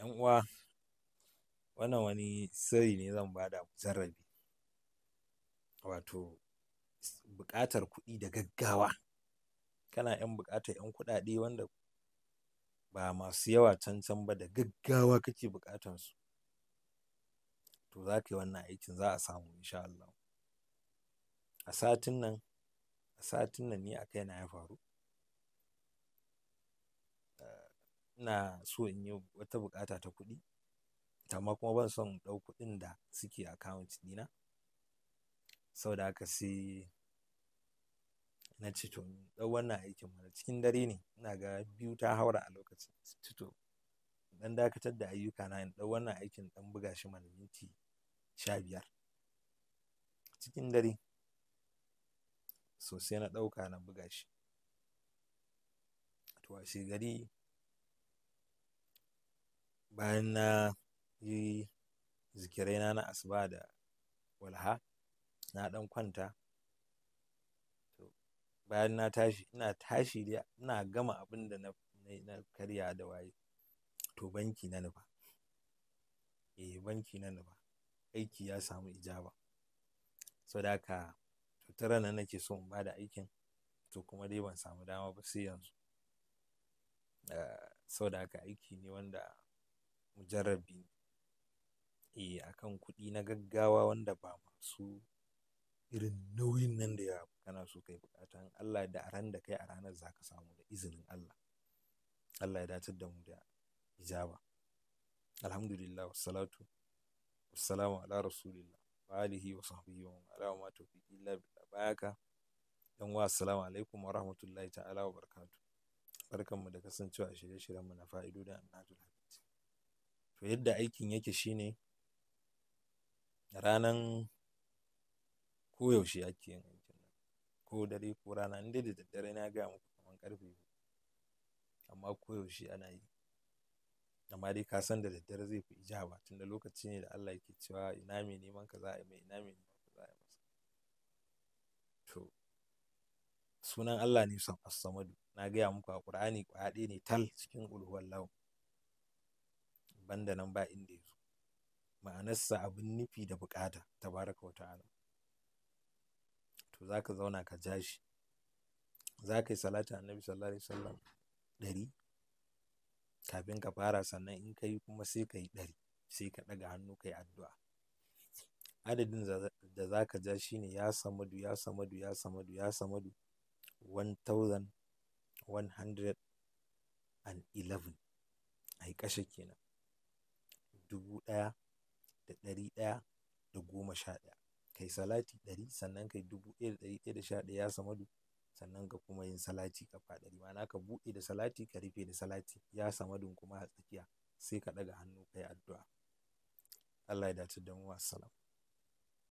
‘yan uwa wannan wani sirri ne zan ba da zarrabi wato buƙatar kuɗi da gaggawa kana ‘yan buƙatar ‘yan kuɗaɗe wanda ba masu yawa can can ba da gaggawa kake buƙatar su to za ka yi wannan aikin za a samu insha Allah a satin nan a satin nan ne a kaina ya faru ina so in yi wata bukata ta kuɗi ma kuma ban son ɗau kuɗin da suke account dina sau da aka sai na ci to ɗau wannan aikin mana cikin dare ne ina ga biyu ta haura a lokacin to dan dakatar da ayyuka na in ɗau wannan aikin dan buga shi mana minti sha biyar cikin dare sosai na ɗauka na buga shi to shi gari bayan na yi zikirai na na asuba da walha na dan kwanta bayan na tashi ina tashi dai ina gama abin da na karya da waye to banki na nufa eh banki na nufa aiki ya samu ijaba saboda ka tara nan nake so in bada aikin to kuma dai ban samu dama ba sai yanzu ah, so da aiki ne wanda mujarrabi ne eh akan kuɗi na gaggawa wanda ba masu irin nauyin nan da ya kana so kai bukata in Allah da ran da kai a ranar za ka samu da izinin Allah Allah ya datar da mu da ijaba alhamdulillah wassalatu wassalamu ala rasulillah wa alihi wa sahbihi wa ala ma tawfiqi illa billah bayaka dan wa assalamu alaikum wa rahmatullahi ta'ala wa barakatuh barkanmu da kasancewa a shirye-shiryen mu na fa'idodin annabi to yadda aikin yake shi ne, ranan koyaushe ake yin aikin nan ko dare ko rana in dai da daddare na gaya muku kamar ƙarfe biyu amma koyaushe ana yi amma dai ka san da daddare zai fi ijaba tunda lokaci ne da Allah yake cewa ina mai neman ka za a yi mai ina mai neman ka za a yi masa to sunan Allah ne san as-samadu na gaya muku a ƙur'ani ƙwaya ɗaya ne tal cikin ulhuwallahu ban da nan ba inda ya zo ma'anarsa abin nufi da bukata tabaraka wa ta'ala to za ka zauna ka ja shi za ka yi salatin annabi sallallahu alaihi wasallam ɗari kafin ka fara sannan in ka yi kuma sai ka yi ɗari sai ka ɗaga hannu ka yi addu'a adadin da za ka ja shi ne ya samadu ya samadu ya samadu ya samadu 1111 yi kashe kenan dubu ɗaya da ɗari ɗaya da goma sha ɗaya kai salati ɗari sannan kai dubu ɗaya da ɗari ɗaya da sha ɗaya ya samadu sannan ka kuma yin salati kafa ɗari ma'ana ka buɗe da salati ka rufe da salati ya samadun kuma a tsakiya sai ka ɗaga hannu kai addu'a Allah ya dace da mu assalam